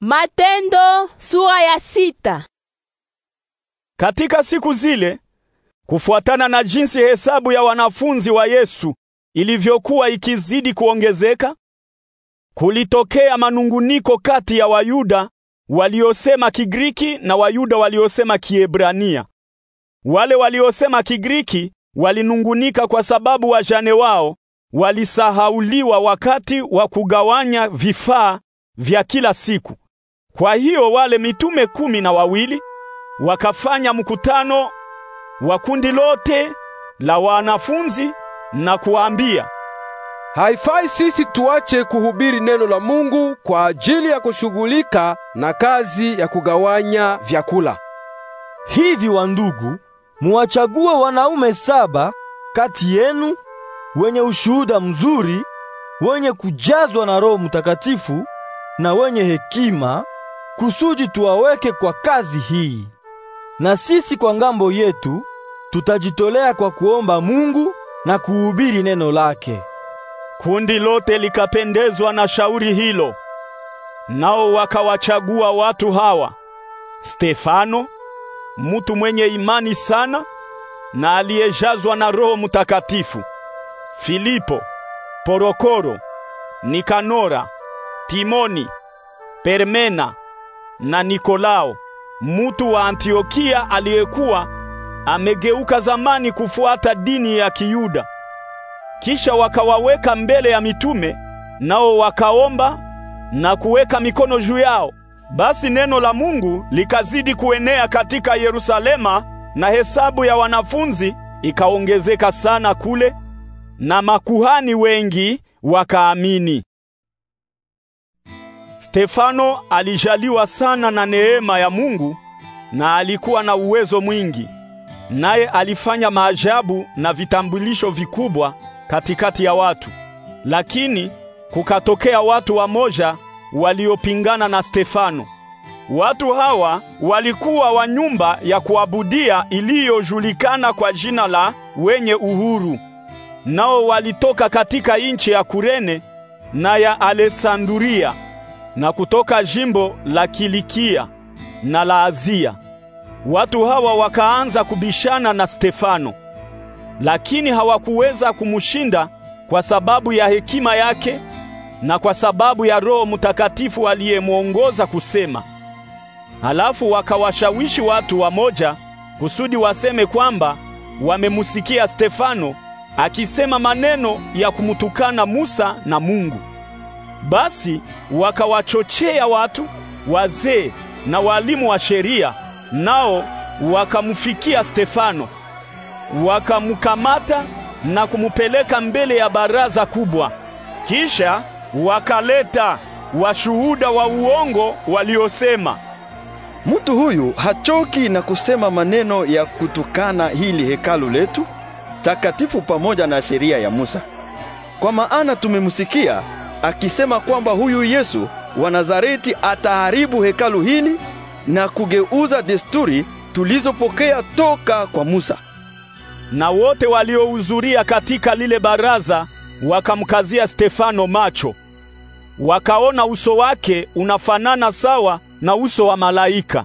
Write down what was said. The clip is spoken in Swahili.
Matendo sura ya sita. Katika siku zile kufuatana na jinsi hesabu ya wanafunzi wa Yesu ilivyokuwa ikizidi kuongezeka, kulitokea manunguniko kati ya Wayuda waliosema Kigiriki na Wayuda waliosema Kiebrania. Wale waliosema Kigiriki walinungunika kwa sababu wajane wao walisahauliwa wakati wa kugawanya vifaa vya kila siku kwa hiyo wale mitume kumi na wawili wakafanya mkutano wa kundi lote la wanafunzi na kuwaambia, haifai sisi tuache kuhubiri neno la Mungu kwa ajili ya kushughulika na kazi ya kugawanya vyakula. Hivi wandugu, muwachague wanaume saba kati yenu wenye ushuhuda mzuri, wenye kujazwa na Roho Mtakatifu na wenye hekima kusudi tuwaweke kwa kazi hii. Na sisi kwa ngambo yetu tutajitolea kwa kuomba Mungu na kuhubiri neno lake. Kundi lote likapendezwa na shauri hilo. Nao wakawachagua watu hawa: Stefano, mtu mwenye imani sana na aliyejazwa na Roho Mtakatifu; Filipo, Porokoro, Nikanora, Timoni, Permena na Nikolao, mutu wa Antiokia aliyekuwa amegeuka zamani kufuata dini ya Kiyuda. Kisha wakawaweka mbele ya mitume, nao wakaomba na kuweka mikono juu yao. Basi neno la Mungu likazidi kuenea katika Yerusalema, na hesabu ya wanafunzi ikaongezeka sana kule, na makuhani wengi wakaamini. Stefano alijaliwa sana na neema ya Mungu na alikuwa na uwezo mwingi. Naye alifanya maajabu na vitambulisho vikubwa katikati ya watu. Lakini kukatokea watu wamoja waliopingana na Stefano. Watu hawa walikuwa wa nyumba ya kuabudia iliyojulikana kwa jina la wenye uhuru. Nao walitoka katika nchi ya Kurene na ya Alesanduria na kutoka jimbo la Kilikia na la Azia. Watu hawa wakaanza kubishana na Stefano, lakini hawakuweza kumshinda kwa sababu ya hekima yake na kwa sababu ya Roho Mtakatifu aliyemwongoza kusema. Halafu wakawashawishi watu wamoja kusudi waseme kwamba wamemusikia Stefano akisema maneno ya kumtukana Musa na Mungu. Basi wakawachochea watu wazee na walimu wa sheria, nao wakamfikia Stefano, wakamkamata na kumupeleka mbele ya baraza kubwa. Kisha wakaleta washuhuda wa uongo waliosema, mtu huyu hachoki na kusema maneno ya kutukana hili hekalu letu takatifu pamoja na sheria ya Musa, kwa maana tumemsikia akisema kwamba huyu Yesu wa Nazareti ataharibu hekalu hili na kugeuza desturi tulizopokea toka kwa Musa. Na wote waliohudhuria katika lile baraza wakamkazia Stefano macho. Wakaona uso wake unafanana sawa na uso wa malaika.